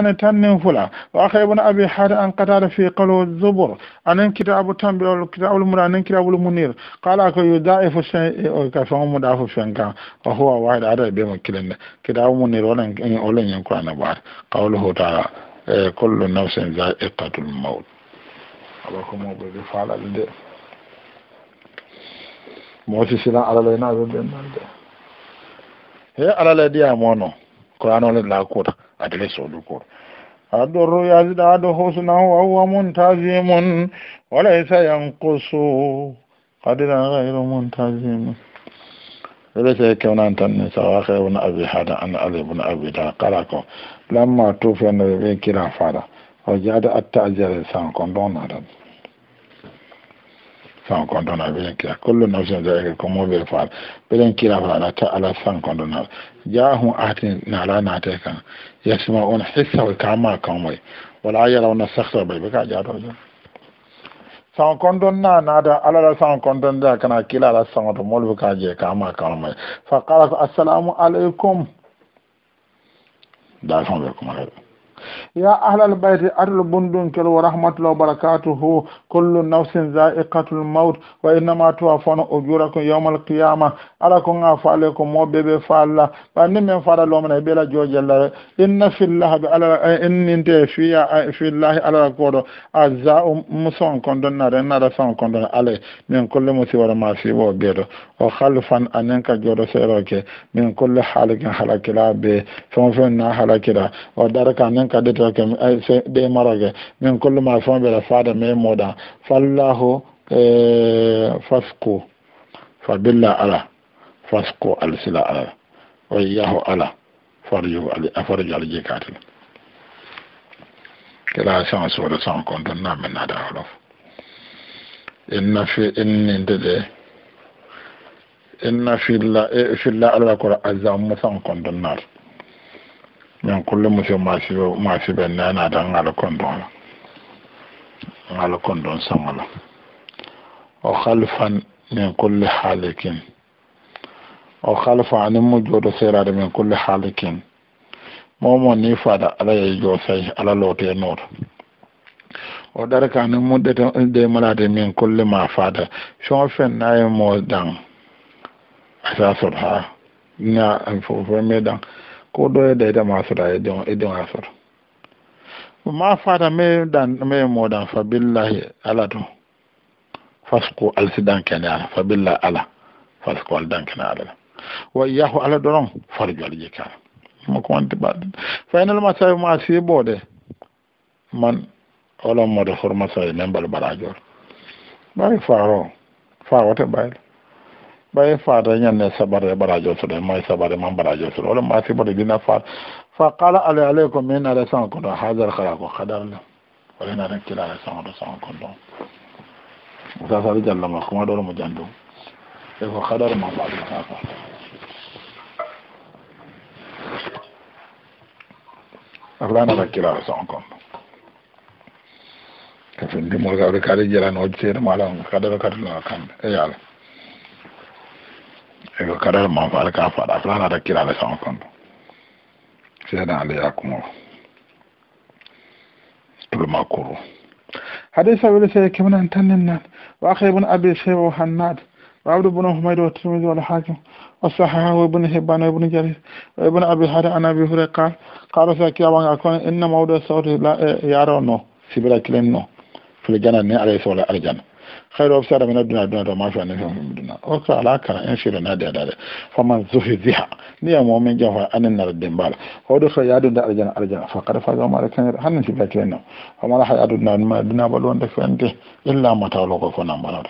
أن تنم فلا وأخي ابن أبي حاتم أن قتال في قلو الزبر أن كتاب التنبيه كتاب المنير أن كتاب المنير قال أكو يضاعف الشيء كفهم مضاعف الشنكا وهو واحد عدد بما كلنا كتاب المنير ولن ولن ينكرنا بعد قوله تعالى كل نفس ذائقة الموت أباكم أبو فعل الدين moti silan alalay naɓe ɓe nalde he alalay ɗiyamono ko anole lakuta adreso dukor adoro yazida ado hosuna wa huwa muntazimun wa laysa yanqusu qadira ghayru muntazimun ليس كون أن تنسى أخي ابن أبي حدا أن علي بن أبي دا قلقه لما توفي النبي كلا فارا وجاد التعجير سانكم دون عدد san kɔntɔn na kira kontona bilen kila kullu nafsin bɛ ko moɓe faal bilen kila faala ta ala san kɔntɔn na kontona na atin naala naate kan yasma on hissawo kama kanmoy wala yarawna sahta bai bɛ ka ja jatojo san kɔntɔn na na nada alala san kɔntɔn da kana kila ala sangoto molɓe ka je kama kanmoy fa qala asalamu aleykum da fon ɓe kuma heɗo يا أهل البيت أتل بندن كل ورحمة الله وبركاته كل نفس ذائقة الموت وإنما توفون أجوركم يوم القيامة على كنا فعلكم موبب فعلا فأني من فعل الله من إبلا جوج الله إن في الله على إن أنت في في الله على الكور أعزاء مسون كندن نار نار سون كندن عليه من كل مسيرة ما في وبيرو وخلفا أنك جورو سيروك من كل حالك حالك لا بي فمن فين حالك لا ودارك أنك kadde to ke ɓe eh, maroke min kolluma fon ɓeɗa faada me moɗa fallahu eh, fasku fa billa ala fasku alsila ala wa yahu ala farju afarju aljikatel kila san suuɗo san konton na min naada holof inna fi inninde ɗe inna filla eh, filla allah kora azam mu san konton na. ñin kullum musi masiɓe masiɓe nanata ngal kondon ngal kondon sangola o halfan min kulle haalikin o halfa anin mo jooɗo seerade min kulle haalikin momo ni fada ala ye jo say ala loote nooto o ɗara ka anin muɗɗete de malade min kulle ma fada son fen nayi mo dan asasol ha ña fo fe meɗan ko ɗo e deyta ma sura e ɗiŋa sora ma fata me dan me moɗan fa billahi ala to fasko alsidan kene ala fa billah ala fasko aldan kene ala la wa yahu ala doron farjo ala jikara mo ko wanti baɗe final ma sawi ma bode man olon moɗo formation e men mbal mbaɗa jor ɓawi faro fawote ɓayla ɓaye fata ñanne sabare barajo soɗo may sabare man barajo soɗo wala ma e sibata dina fat fa qala ala aleykum min ala sango koto hadar kala ko hadarle walinata kila ala sangoto sango koto sasade jallama kuma ɗoro mo jandu e ko hadar ma ala sasa alanata kila ala sango koto ka findi mo kawde kaade jeranoji seeɗa maɗa kadara kadulaa kamɓe e yaala ka kadar man fa ka fa da fara da kira la san kan sai da ala ya kuma ibn makuru حديث أبي لسيد كمن أن تنن وأخي بن أبي شيبة وحناد وعبد بن حميد والترمذي والحاكم والصححه وابن حبان وابن جرير وابن أبي حاتم عن أبي هريرة قال قال ساكي أبان أكون إن موضع صوت لا يرونه في الجنة عليه الصلاة والسلام خير وبسارة من الدنيا الدنيا ما في أن يكون من الدنيا وكرا على كان إنشير نادي أداري فما زهي ذيها نيا مؤمن جهو أن النار الدنبال ودخل يادون دا أرجان أرجان فقد فاقوا ما لكن هل نسي بيك لنا فما لا حيادون دا ما الدنيا بلوان دك فأنت إلا ما تولوك فنا مبالا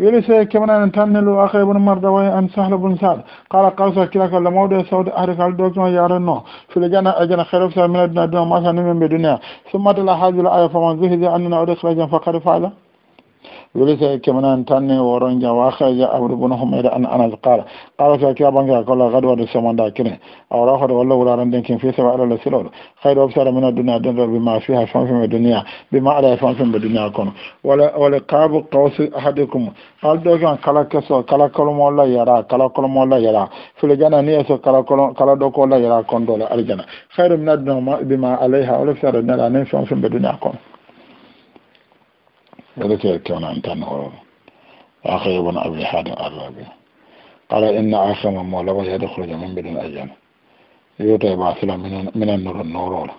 ويلي سيد كمان أن تنلو أخي بن مرد أن سهل بن سعد قال قرصة كلاك لمودة سعود أحرق الدوك ما يارنو في لجانة أجانة خير وفسر من الدنيا دون ما سنمين بدنيا ثم تلا حاجة الآية فما زهد أننا أدخل أجان فقد فعله ولسا كمان تاني ورنجا واخرج عبد بن حميد أن انا قال قال في كتاب أنك قال غدوة سماندا كنه أو راخد ولا ولا رندن كن في سبع على السلول خير أبصر من الدنيا دنر بما فيها في الدنيا بما على في الدنيا كون ولا ولا قاب قوس أحدكم قال دوك أن كلا كسو كلا كلم ولا يرى كلا كلم ولا يرى في الجنة نيسو كلا كلم كلا دوك ولا يرى كون دولا الجنة خير من الدنيا بما عليها ولا في الدنيا نفسهم في الدنيا كون da ke kyaunan tanhoron akwai ibn abu hadin arabi kala ina aka mamma laba ya dukkan jamin bidin ajiyar yau ta yi ba fila minan nurin norola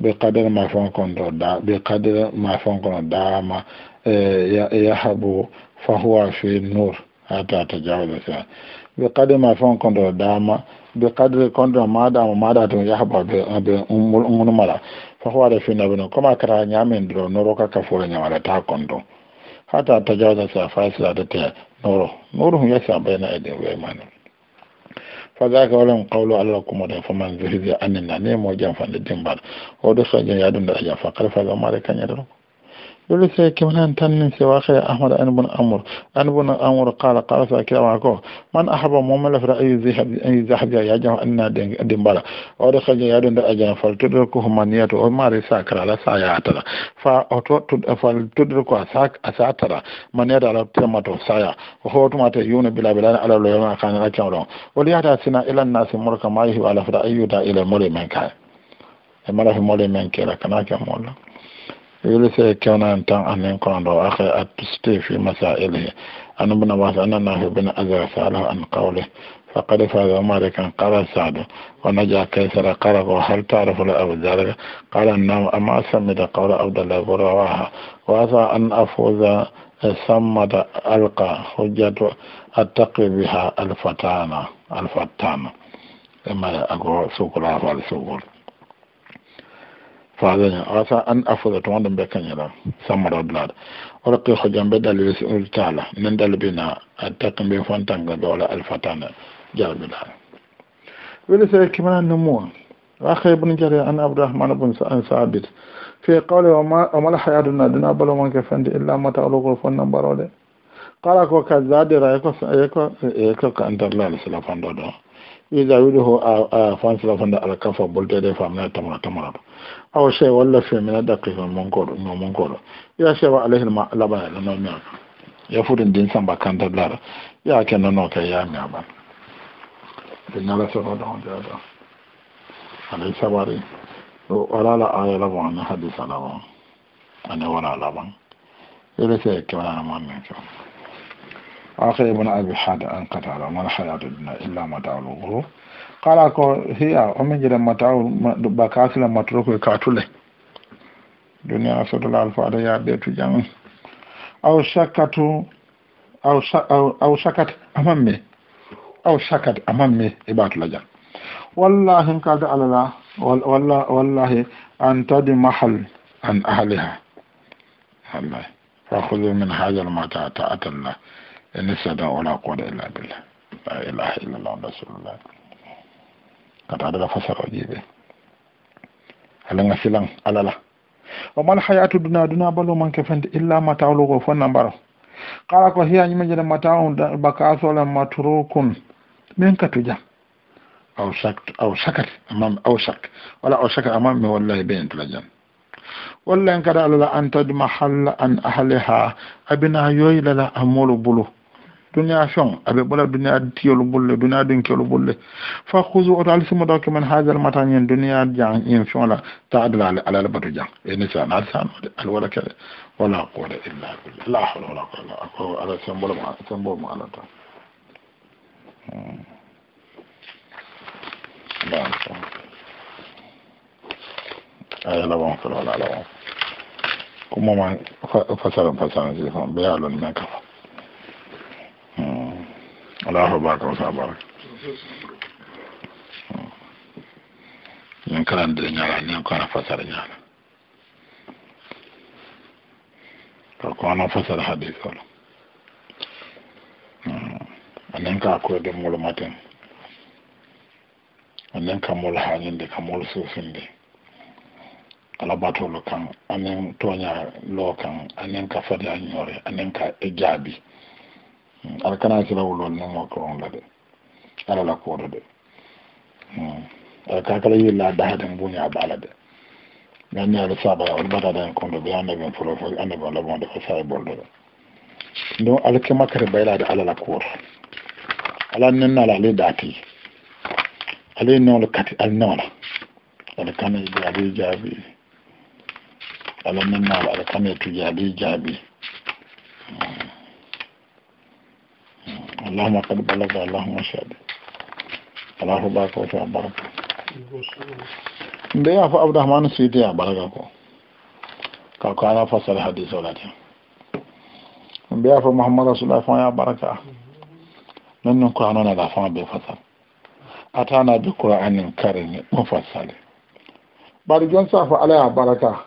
bi kadir mafan kondo da bi kadir mafan kondo da ma ya habu fahuwa fi nur hata ta jawo da siya bi kadir mafan kondo da ma bi kadir kondo ma da ma da tun ya haba bi umurumala fahuwada bino koma kara ñamin diro noro ka kafuro ñamata ta konton hata tajawasa sa fasilata te noro noro hum yasa bayna edin weymani fadaka walam qawlu allah kumoɗen faman zohidi annina ni mo jam fande dimbal oɗo soño yaɗum ndeɗa jam fa kala mare lolu se kemanan tan min se waxe ahmad an bun amur qala qala sa kira wako man ahaba momala fra ay zihab ay zahab ya ya jama anna den di mbala o do xajja ya do nda ajan fal tudu ko humaniyatu o mari sakra la sa ya tara fa oto tud fal tudu ko sak asatara maneda la tamato sa ya ho to mate yuna bila bila ala lo yuna kan na kawro wali hada sina ila nas murka mai wa la fra ayuda ila mulimanka e mara fi mulimanka kana ka mulimanka يلسى كان أن تان أن يكون له أخي أتستي في مسائله أن ابن عباس أن النافع بن أزر سأله عن قوله فقد فاز مالكا قال سعد ونجا كيسر قال وهل تعرف لأبو ذلك قال النوم أما سمد قول عبد الله بن رواحة وأسى أن أفوز سمد ألقى حجة أتقي بها الفتانة الفتانة لما أقول سوق الله فالسوق faadani asa an afuda to wanda be kanyala samara blad ora ko ko jambe dalil si ul taala nan dal bina attakan be fontanga dola al fatana jalbe dal wala sai kimana numu akhi ibn jari an abdurrahman ibn sa'an sabit fi qawli wa ma amal hayatuna duna balo man ke fandi illa mata alugo fon nambarode qala ko kazade ra ko ko ko ka antar la salafan do do iza wuli ho a a fan sila fanda ala kafa de fam na tamara tamara ba aw se wala fe mena da ke fam mon kodo no mon kodo ya se wa alahi ma la ba la no mi ya fudin din san ba kan tablar ya ke no no ke ya mi aba din na la so do on da da ala sa ba ri o ala la ala la wa na hadisa la wa ana wala la ba ele se ke wala ma mi ke آخر ابن أبي حاد أن على ما الحياة الدنيا إلا متاع الغرور قال أكو هي أمي جل متاع بكاس لما تروك كاتولة دنيا سد الله على يا بيت جامع أو شكت أو أو أو شكت أمامي أو شكت أمامي إبات لجا والله إن قال على الله والله والله أن تدي محل عن أهلها الله فخذوا من هذا المتاع تأتى الله ene sada wala quwata illa billah la ilaha illallah rasulullah kata adala fasaro jiɓe alanga silan alala omal hayatu duna duna balo manke fende illa matawlugo fo nambaro kala ko hiyañima jene matawum bakasole matrukun min katuja aw sak aw sakat amam aw sak wala aw sakat amam mi wallahi ɓen tula jan wallan kada alala an tadma halla an ahliha abina yoylala amolu bulu duniya feŋ aɓe ɓola duniya tiyolu bolle duniya dunkelu bolle fa husu oto alisimo daw kemen hajal mata ñin duniya jan in feŋola ta adala ale alala batu jan eni san al sanode al wala kede wala quwata illa billah la hawla wala quwata ako ala sembolo mo sembolo mo alata aya lawan folo wala lawan ko moman fasalan fasalan si fon ɓe yalon men kafa ala ba ka sa ba yin karan da nyala ne kana fasar nyala to ko ana fasar hadith ko ka ko de mulu maten anen ka mulu hanin da ka mulu sufin de ala batolo kan anen tonya lo kan anen ka fada anyore anen ka ijabi. Hmm. ala kana sira wulol ni mo koron la de ala la hmm. kodo e de ala ka kala yilla dahaden buña bala de ganni ala sabaya wol bataden kondo be annabin folo fo annabin wala bonde fo sai bol de do ala ke makare da ala la kodo ala nan na la le nennala ale daati ale newla kati al newla ala kana jaabi jaabi ala nan na ala kana tujaabi jaabi hmm. اللهم قد بلغ اللهم شهد الله باك وتعالى بركة da ya fi abdurrahmanu su yi ta yabarga ko kakwa na fasar hadisa latin da ya fi muhammadu su lafan ya baraka nan nan kwano na lafan bai a ta na bi kura'anin karin mafassari barigon baraka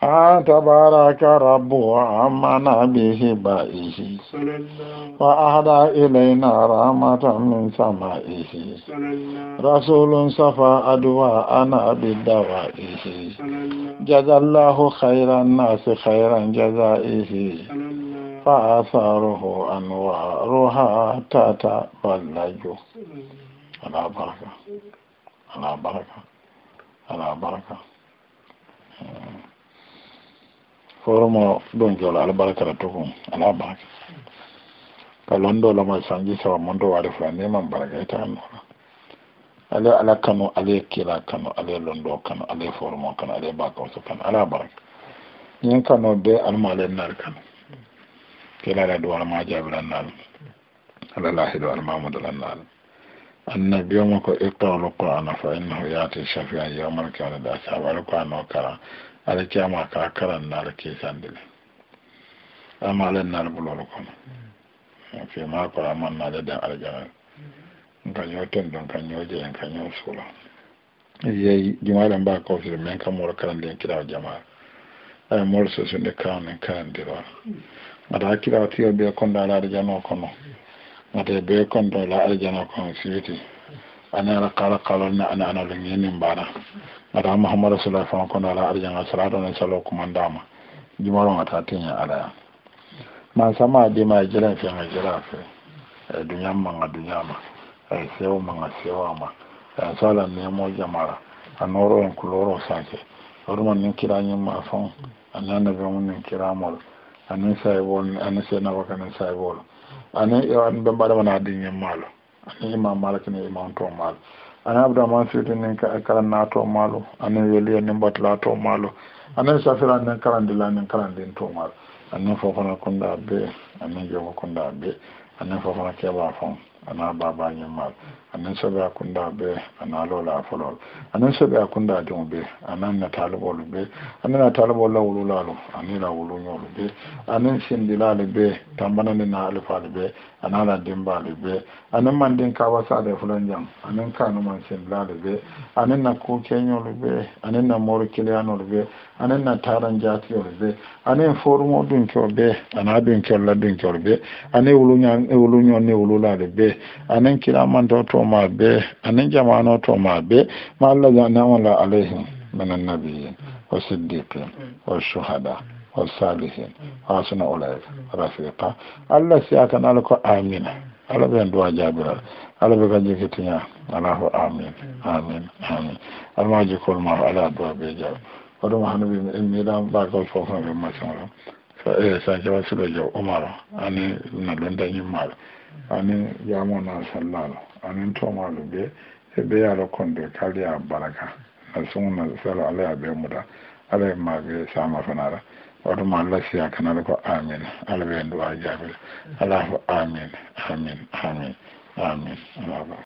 تبارك رب به بائه وأهدى إلينا رحمة من سمائه رسول صفى أدواءنا بدوائه جزى الله خير الناس خيرا جزائه فآثاره أنوارها تتبلج على بركة على بركة على بركة foromo don jola da tukun ala baraka ka londo lama sanji sawa mondo wari fula neman baraka ita annona ale ala kanu ale kila kanu ale londo kanu ale foromo kanu ale bakawso kanu ala baraka yin kanu be alma ale nar kanu kila ala duwar ma jabiran nar ala lahidu almamudu lan nar annabi yoma ko iqra alqur'ana fa innahu shafi shafi'an yawmal qiyamah da sabar ko kara. ala kiyama ka karan na ala kesandile ama ala na ala bulol kono fi ma ko aman na ala da aljana nka hmm. nyo ton don ka nyo je nka nyo sula hmm. yayi jumaala mba ko fi men ka mor karan den kira jamaa ay e, mor so sunde kan karan dira hmm. ada kira tiyo be kon da ala aljana kono ada be kon da ala aljana kono siwiti ana ala kala kala na ana ana lin yin bana ada muhammadu sallallahu alaihi wasallam kono ala arjan asrado na salo kuma ndama ma ata ta ya ala ma sama de ma jira fi ma jira fi duniya ma ga dunya ma ai e, sewa ma ga sewa ma ya e, sala ne mo jamara anoro en kuloro sake orman nin kira nyin ma fon anana ga mun nin kira mol sai bon anin sai na bakanin sai bon anin yawan ban bada mana din yin malo imam malik ne imam to malu ana abdourahman sidi ka kala na to malu yeli weliyo bat la to malu anin safira nin ni nin karandin to malu fofa na kunda be anin jogo kunda be fofa na keɓa fon ana babañin malu anin soɓe sabia kunda be ana lola a folol anin soɓe a kunda a jom be anan nataliɓolu be anin nataliɓol la la wulu wuluñolu be anin sindilali be tambanani na alifalu be ana anan man din ka wasa da fulan jaŋ aniŋ kaanu mansinlaalu bee anan na kuukeeñolu bee anan na mooru kiliyaanolu bee anan na taaran anan bee aniŋ ko be anan ana ko la dunkelu bee aniŋ wuluñoo ni wululaalu bee aniŋ kilamantoo toomaa bee aniŋ jamaanoo toomaa to ma alla naama la alayhim min annabiyin wa siddiqin wa shuhada wasalihin a wasu na ulayi pa Allah si aka na alako amina alaɓe yin duwa jabirar alaɓe kan jiki amin amin amin almaji kolma ala duwa bai jabi wadda mahanubi in mi dan ba ka wasu kofin bin masu mara fa eh san ke wasu da jau umar ani na don dan yin mara ani ya na sallalo ani to malu be e ya lokon da kariya baraka na sun na sallalo ala ya be mu da ala ya ma be fana da. wadum allah siya kan ko amin ala ɓe en amin amin amin amin ala